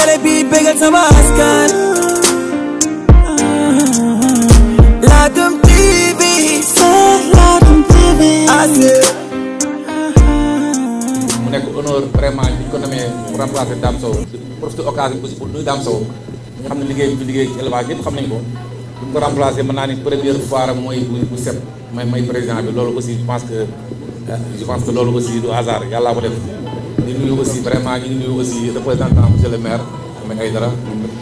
télé bi bégal sama askan Ladoum TV Ladoum TV mu nekk honneur vraiment bi ñu ko namee remplacer Dame Sow di profité occasion aussi pour nuyu Dame Sow nga xam ne liggéey bi liggéey ci élevage xam nañ ko bu ñu ko remplacer mën naa ni première fois mooy bu set may may président loolu aussi je pense que je pense que loolu aussi du hasard yàllaa ko def di nuyu aussi vraiment ñu ngi nuyu aussi représentant monsieur le maire Ahmed Aïdara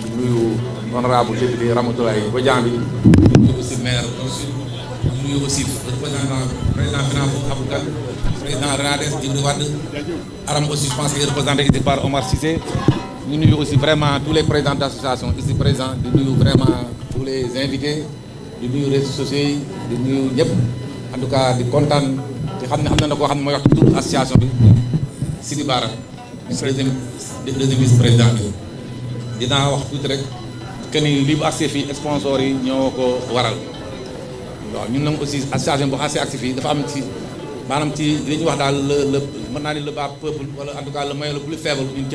di nuyu honorable député Ramatoulaye di nuyu aussi maire di nuyu aussi représentant président finance Abou Kane président Renades Djibril Wade Aram aussi je pense que par Omar Cissé ñu nuyu aussi vraiment tous les présidents d'association ici présents di nuyu vraiment tous les invités di nuyu réseaux sociaux di nuyu ñëpp en tout cas di kontaan te xam ne am na na koo xam ne mooy wax tur bi Sidi Bara président deuxième vice président bi dinaa wax rek que ni lii bu agsee fii yi ñoo ko waral waaw ñun nag aussi association bu agsee agsi fii dafa am ci ci li ñuy wax daal le naa ni le bas peuple wala en tout cas le moyen ñi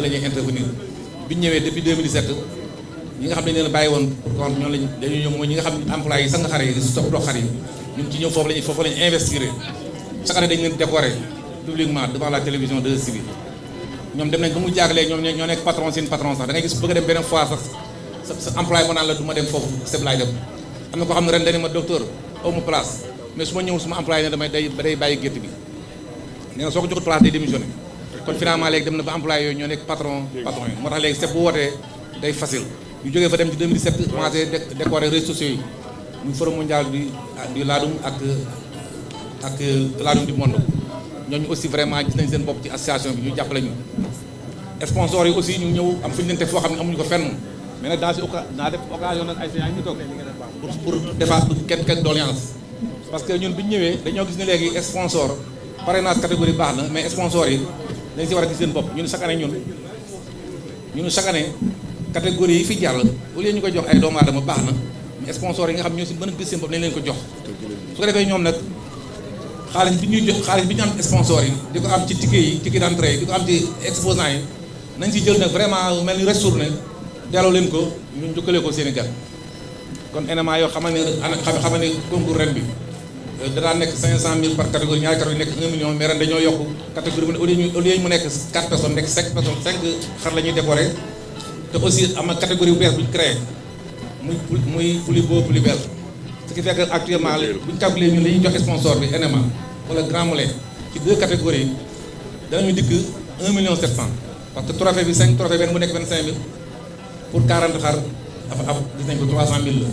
nga xam ne dañ bàyyi woon pour compte ñoom lañ dañuy ñëw mooy ñi nga xam ne employé yi sang xar yi di toppatoo xar yi ñun ci ñëw foofu lañ foofu lañ investir chaque année dañ leen publiquement devant la télévision de Sibi ñoom dem nañ ba mu jaagalee ñoom ñoo nekk patron seen patron sax da gis bëgg a dem beneen fois sax sa sa moo naan la du ma dem foofu sëb laay dem am na koo xam ne ren ma docteur aw ma place mais su ma ñëw suma employé ne damay day day bàyyi gétt bi nee soo ko joxul place day démissionné kon finalement léegi dem na ba employé yooyu ñoo nekk patron patron yi moo tax léegi sëb bu wootee day facile ñu ñooñu aussi vraiment gis nañ seen bopp ci association bi ñu jàppale ñu sponsors yi aussi ñu ñëw am fu ñu leen foo xam ne amuñu ko fenn mais nag dans si naa ñun bi ñu ñëwee dañoo gis ne léegi sponsor parrainage catégorie baax na mais sponsors yi dañ si war a gis seen bopp ñun chaque année ñun ñun chaque année catégorie yi fi jàll au lieu ñu ko jox ay doomu aadama baax na mais sponsors yi nga xam ñoo si mën a gis seen bopp nañ leen ko jox su ko defee ñoom nag xaalis bi ñuy jox xaalis bi ñu am sponsor yi di ko am ci ticket yi ticket d'entrée yi di ko am ci exposants yi nañ si jël nag vraiment mel ni retourné delloo leen ko ñu njukkalee ko Sénégal kon élément yoo xamal ne xamal ne concours ren bi euh, danaa nekk cinq cent mille par catégorie ñaari catégorie nekk un million mais ren dañoo yokk catégorie mu au lieu au lieu nekk cinq cinq xar la ñuy décorer te aussi am na catégorie bu bees bu ñu créé muy muy plus beau plus belle ce qui fait que actuellement bu ñu calculé ñun li ñuy joxe sponsor bi NMA wala Grand Moulin ci deux catégories danañu dikk 1 million 700 parce que trophée bi 5 trophée benn bu nekk 25000 pour 40 xar dafa am gis nañ ko 300000 la.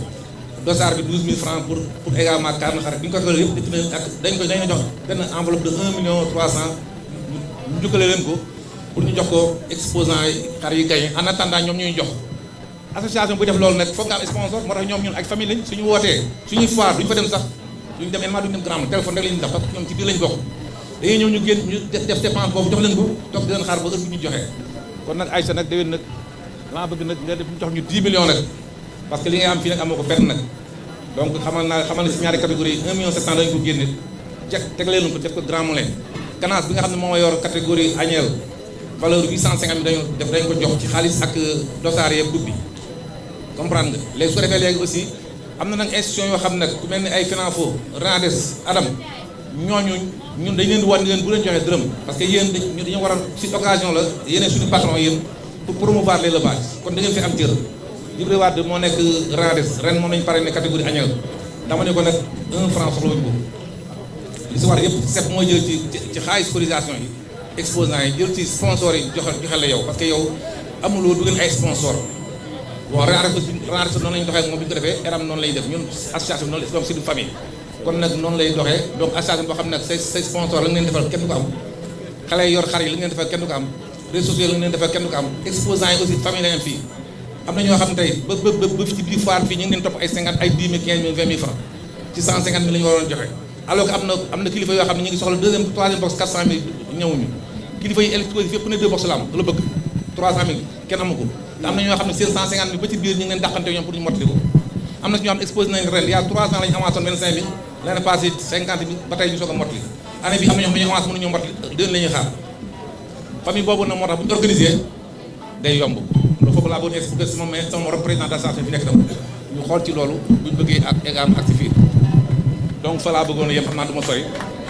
dossard bi 12000 francs pour également 40 xar bi ñu ko xoolee yëpp dikk na ak dañ ko dañ ko jox benn enveloppe de 1 million 300 ñu jukkale leen ko pour ñu jox ko exposant yi xar yi gagné en attendant ñoom ñuy association bu def loolu nag foog nga am sponsor moo tax ñoom ñun ak famille lañ suñu wootee suñuy foire duñ fa dem sax duñ dem que ñoom ci biir lañ bokk dañuy ñëw ñu ko toog di leen xaar ba nag damaa bëgg nag nga def jox ñu 10 millions nag parce que li nga am fii nag amoo ko fenn nag donc xamal naa xamal na si ñaari catégorie 1 million 700 dañu ko génne jeg teglee ko def ko grand moulin ganaas bi nga xam ne moo yor catégorie annuelle valeur 850 000 dañu def dañ ko jox ci xaalis ak dosaar yeeg comprendre nga léegi su ko defee léegi aussi am na nag institution yoo xam ne ku mel ni ay Finanfo Renades Adam ñooñu ñun dañ leen di wan ni leen bu leen joxee dërëm parce que yéen dañu dañoo war a si occasion la yéen suñu patron yéen pour promouvoir l'élevage kon da ngeen fi am cër Djibril Wade moo nekk ren moom lañu pare ne catégorie annuelle dama ne ko nag un franc soxlawuñu ko li si war yëpp set mooy jël ci ci xaalis cotisation yi exposants yi jël ci sponsors yi joxe joxe la yow parce que yow amuloo du ngeen ay sponsor bon raare noonu la doxee moom bi ñu ko defee eram noonu lay def ñun association bi noonu la ne nag say say sponsor la nga leen defal kenn du ko am xale yi yor xar yi la nga leen defal kenn ko am réseaux sociaux ko am famille la fii am na ñoo xam ne tey ba ba ba ci biir foire fii ñu ngi topp ay 50 ay 10 000 15 000 ci 150 000 la ñu waroon joxe alors que am na kilifa yoo xam ñu ngi soxla deuxième troisième box 400 000 ñëwuñu kilifa yi électronique yëpp ne deux te am na ñoo xam ne seen 150 bi ba ci biir ñu ngi leen dàqante ñoom pour ñu mottali ko am na si ñoo xam ne exposé nañ ren il y a 3 ans la ñu avancé woon 25 bi l'année passée 50 bi ba tey la ñuy xaar famille boobu nag day yomb loolu foofu laa bëggoon expliqué yem xam naa du ma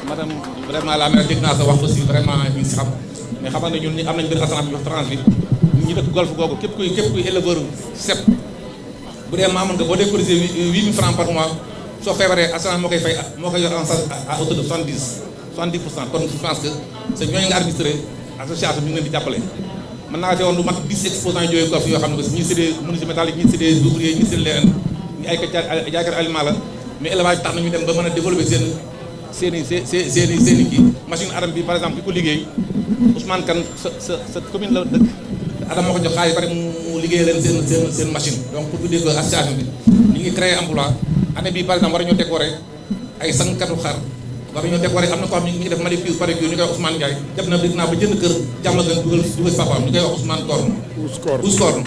madame vraiment la maire dégg naa sa wax aussi vraiment ñu si xam mais xam na ñun ñi am nañ benn assemblée bi wax tranche ñu dëkk golf googu képp kuy képp kuy éleveur sepp bu dee maamoon nga boo dee cotisé huit mille francs par que sa ñooñu nga administré association bi ñu leen yoo xam ne a développer seen seen i seen seen i seen i kii machine aram bi par exemple ki ko liggéey Ousmane Kane sa sa sa commune la dëkk Adam moo ko jox xaalis yu bari mu liggéey leen seen seen seen machine donc pour tuddee ko association bi ñu ngi créé emploi année bii par exemple war nañoo décorer ay sànkatu xar war nañoo décorer am na ko xam ne ñu ngi def manucure pédicure ñu koy wax Ousmane Ndiaye def na dégg naa ba jënd kër jàmm la gën dugal dugal papaam ñu koy wax Ousmane Korn. Ous Korn Ous Korn.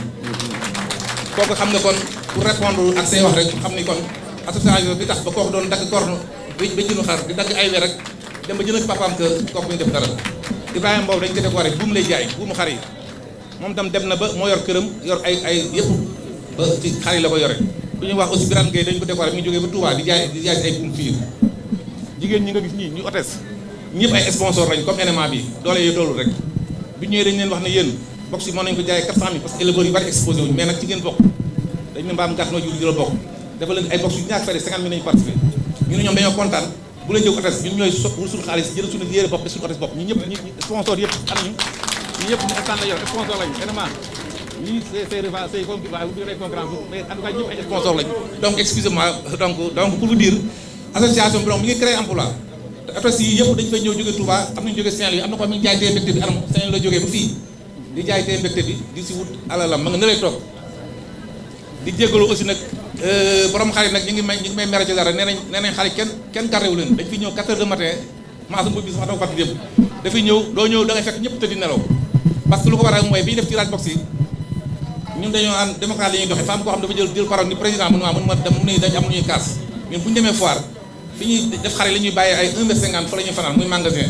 kooku xam nga kon pour répondre ak say wax rek xam ni kon association bi tax ba kooku doon dagg korn bi ba jënd xar di dagg ay weer rek dem ba jënd papaam kër kooku ñu def dara Ibrahima boobu dañ ko décorer buum lay jaay buumu xar yi moom tam dem na ba moo yor këram yor ay ay yëpp ba ci xar la ko yore ku ñuy wax aussi Birane Gueye dañ ko décoré mi ngi jógee ñi nga gis ñii ñu otes ñëpp ay sponsor lañ comme NMA bi doole yo doolu rek bi ñëwee dañ leen wax ne yéen box mbaam gàtt noo jur di la bokk dafa ay box yu ñaak fere 50 mille nañu participé ñu ne ñoom dañoo otes ñun ñooy ñëpp ñu sponsor yëpp am ñu ñun ñëpp ñu stand la yor sponsor lañu vraiment ñii c'est revanche c'est waaye bu ñu lay concurrence mais donc excusez donc donc pour vous association bi donc mi ngi créé emploi te oto yi yëpp dañu fay ñëw jóge Touba am na ko mi ngi jaay tey mbégte bi anam saint jógee ba fii di jaay tey mbégte di si wut alalam ma nga ne toog di jégalu aussi nag euh, borom xarit nag ñu ngi may ñu ngi may mere ci dara nee nañ nee nañ xarit kenn kenn leen dañ fi ñëw 4 heures de matin maa sa mbub bi sama taw fàtt yëpp dafay ñëw loo ñëw da ngay fekk ñëpp tëddi nelaw parce que lu ko waral mooy bi ñu def tirage box yi ñun dañoo am démocrate la ñuy doxee femme koo xam dafa jël jël parole ni président mënu maa mënu ma dem mënu dañ am kaas ñun bu ñu demee foire fi ñuy def xare la ñuy bàyyi ay 1 mètre 50 fa la fanaan muy magasin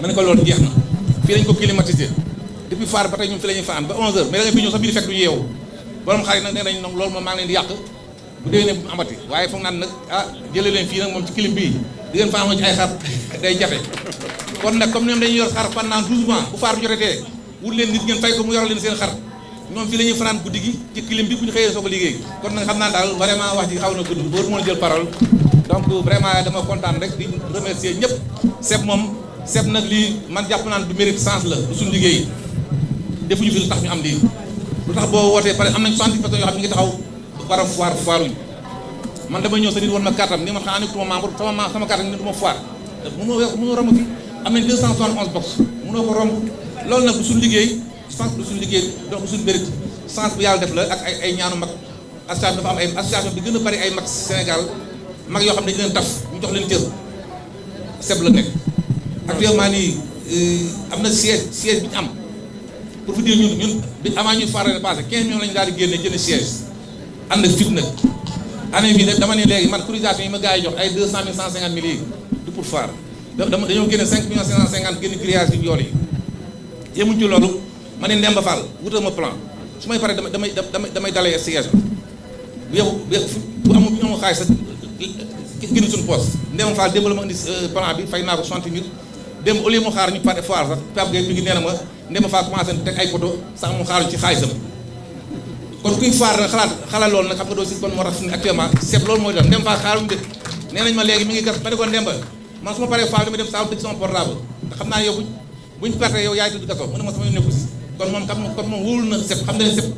ma ne ko loolu jeex na fii lañ ko climatiser depuis foire ba tey ñun fi la fanaan ba 11h mais nga fi ñëw sax bi fekk du yeewu borom xar yi nag nee nañ loolu moom maa ngi leen ah, fii nag di ngeen fa amoo ci ay xar day jafe kon nag comme ñoom dañuy yor xar pendant 12 mois bu faar bu jotetee wut leen nit ngeen fay mu yor leen seen xar ñoom fii la fanaan guddi gi ci clim bi bu ñu xëyee soo ko liggéey kon nag xam naa daal vraiment wax ji xaw na gudd booru mën a jël parole donc vraiment dama kontaan rek di remercier ñëpp seeb moom seeb nag lii man jàpp naan du mérite sens la du suñu liggéey defuñu fi lu tax ñu am lii lu tax boo wootee pare am nañ 70 personnes yoo xam ne ñu ngi man dama ñëw sa nit woon ma carte am ni man xanaa nekkatuma membre sama ma sama carte am nekkatuma foire mënoo mënoo romb fi am nañ 271 box mënoo ko romb loolu liggéey sens bu suñu liggéey donc suñu mérite sens yàlla def la ak ay ay ñaanu mag association dafa am ay association bi gën a bari ay mag Sénégal mag yoo xam ne dañu leen taf ñu jox leen cër seb la actuellement nii euh, am na siège siège bi am pour vous dire ñun ñun avant ñuy faral di passé 15 millions lañu daal di génne jënd siège am na fit na année bii dama ne léegi man cotisation yi ma gars yi jox ay deux cent mille cent cinquante mille yi du pour faire dama dañoo génne cinq millions cinq cent cinquante génn yi yemuñ ci ma ne Ndemba Fall wutal ma plan su may paree damay damay damay dalee siège bi bu yow bu amul bu amul xaalis sax génn suñu poste Ndemba Fall démb la ma indi euh, plan bi fay naa ko soixante mille démb au lieu xaar ñu pare foire sax Pape Gueye mi ngi nee na ma Ndemba Fall commencé teg ay poto sax mu xaaruñ ci xaalisam kon kuy faar na xalaat xalaat loolu nag xam nga doo si kon moo tax actuellement seet loolu mooy dem ne ko ndemba mu ne na sëb xam na ne sëb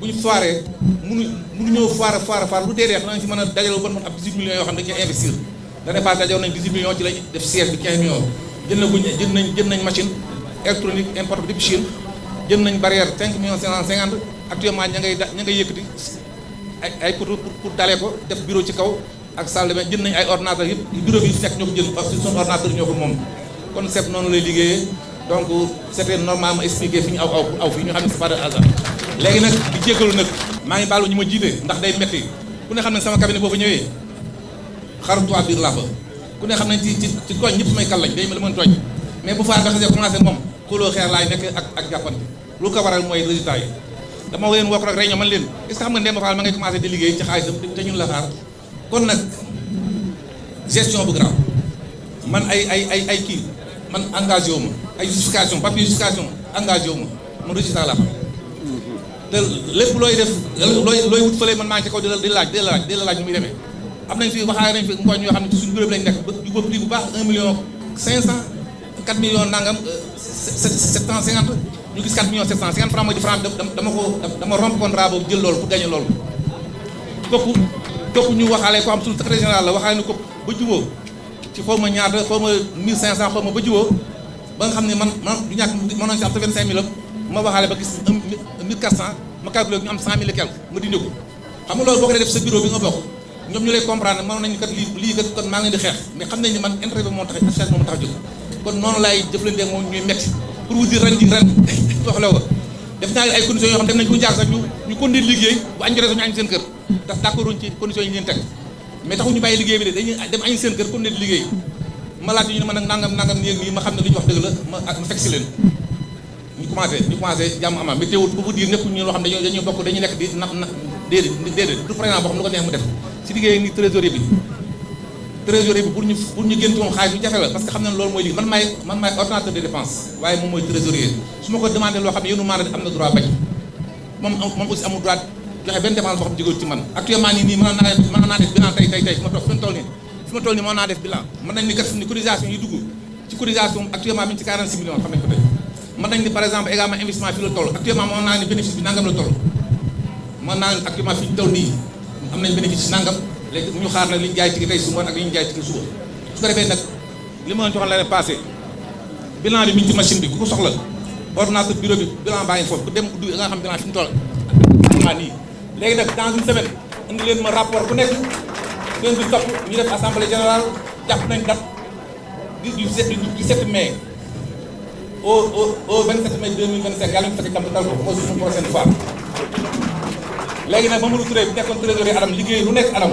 bu ñu foiree munu munu ñëw foire a dajale ba mën ab yoo xam ne dañ koy investir l'année passée dajale nañ 18 millions ci lañ def siège bi nañ jënd nañ jënd nañ machine électronique actuellement ña ngay da ña ngay yëkkati ay ay pour pour dalee ko def bureau ci kaw ak salle de bain jënd nañu ay ordinateur yëpp bureau bi nekk ñoo ko jënd suñu ordinateur ñoo ko moom concept noonu lay liggéeyee donc c'était normal ma expliqué fi ñu aw fi ñu xam ne c'est pas de hasard léegi nag di jéggalu nag maa ngi baalu ñu ma jiite ndax day metti ku ne xam ne sama cabinet boo fa ñëwee xaru trois biir laa fa ku ne xam ne ci ci ci tooñ ñëpp may kal lañ day ma la mën tooñ mais bu faa nga xasee commencé moom xuloo xeer laay nekk ak ak lu ko waral mooy résultat yi dama leen woo ko rek réunion man leen est-ce que xam nga Demba Fall ngay commencé di liggéey ci xaalisam te ñun la kon nag gestion bu grave man ay ay ay ay kii man engagé wu ay justification papier justification engagé wu ma man résultat la fa te lépp looy def looy looy wut fële man maa ngi ci kaw di la di laaj di la laaj di la laaj muy demee am nañ fi waxaare nañ fi ngooñ xam ne suñu bureau bi lañ nekk ba jubóo prix bu baax 1 million 500 4 millions nangam euh, ñu gis 4 millions 750 francs mooy di franc dama ko dama romp contrat boobu jël loolu pour gagner loolu kooku kooku ñu waxaale ko la waxaale ne ko ba juboo ci ma ñaata xaw ma 1500 ba juboo ba nga xam ne man man du ñàkk mënoon si am sa 25000 am ma waxaale ba gis 1400 ma calculé ñu am 100000 nañu kat lii lii kat kon maa di xeex mais xam nañ ne man intérêt bi moo tax affaire bi moo tax jóg kon noonu moom ñuy metti pour wuti ren ji ren soxla wa def naa ay conditions yoo xam dem nañ bu ñu ñu continuer liggéey bu añ jotee sax ñu añ yi ñu leen teg mais taxu bi de dañuy dem añ seen kër continuer liggéey ma laaj ñu ne ma nii ak nii xam ne li ñu wax dëgg la ma ma fekk si leen ñu commencé ñu commencé jàmm ama mais teewul pour vous dire xam ne dañuy bokk dañuy nekk di na na déedéet déedéet du président boo xam lu ko neex mu def si liggéey ni trésorier bi trésorier bi pour ñu pour ñu génn ci moom bu jafe la parce que xam nañ loolu mooy liggéey man maay man maay ordonnateur de dépense waaye moom mooy trésorier su ma ko demandé loo xam ne yéenu na droit bañ man naa def bilan tey tey tey fi ma toog fi ma toll nii fi ma toll nii mën naa def bilan mën nañ ni kat ni cotisation yi dugg ci cotisation actuellement mi ngi ci 46 millions xam nañ ko tey mën nañ ni par exemple également investissement fii la toll actuellement léegi bu ñu xaar nag li ñu jaay tigi tey suba ak li ñu jaay tigi suba su ko defee nag li ma joxoon la passé bilan bi mi ngi ci machine bi ku ko soxla ordinateur bureau bi bilan baa ngi foofu ku dem du nga xam bilan fi mu toll actuellement nii léegi nag dans une semaine indi leen ma rapport bu nekk leen bi topp ñu def assemblée générale jàpp nañ date du du 17 mai au au au 27 mai 2025 yàlla ñu fekk jàmm dal ko aussi une prochaine fois léegi nag Mamadou Touré bi nekkoon trésorier adam liggéey lu nekk adam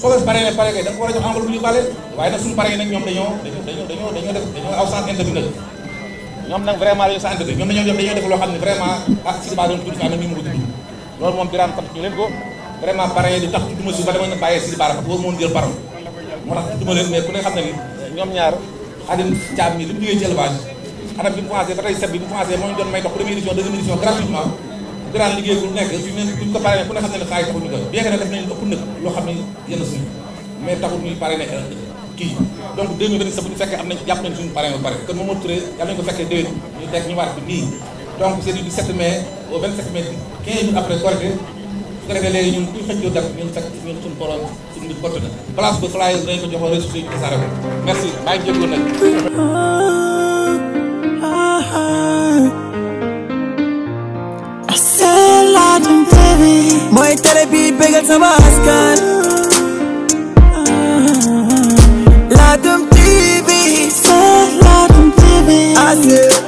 soo des paree pare kay a jox enveloppe bu ñu bàlle waaye nag suñu paree nag ñoom dañoo dañoo dañoo dañoo dañoo aw dañoo def loo xam ne vraiment ah si baa doon tudd fi amee nii ma ko tudd loolu moom di tax tudduma moo tax tudduma leen ku ne xam ne ni ñoom ñaar Khadim Thiam mi li mu jógee ci élevage anam bi mu commencé ba tey set bi mu commencé moo ñu doon may dox première édition deuxième édition gratuitement Birane liggéey bu nekk ñu ne duñ ko parrainé ku ne xam ne ne xaalis taxul ñu koy bien que ne def nañ ëpp nag loo xam ne yenn suñu mais taxul ñuy euh, ñu fekkee am nañ jàpp moom moo turee yàlla nañ ko fekkee déwén ñu teg ñu waat bi nii donc c'est du 17 mai au 27 mai 15 jours après Korité su ko defee léegi ñun kuy xëccoo def ñun fekk ñun suñu borom suñu nit porte na place ba flyers dañ ko joxoon résultat may télé bi bégal sama askan Ladoum TV, c'est Ladoum TV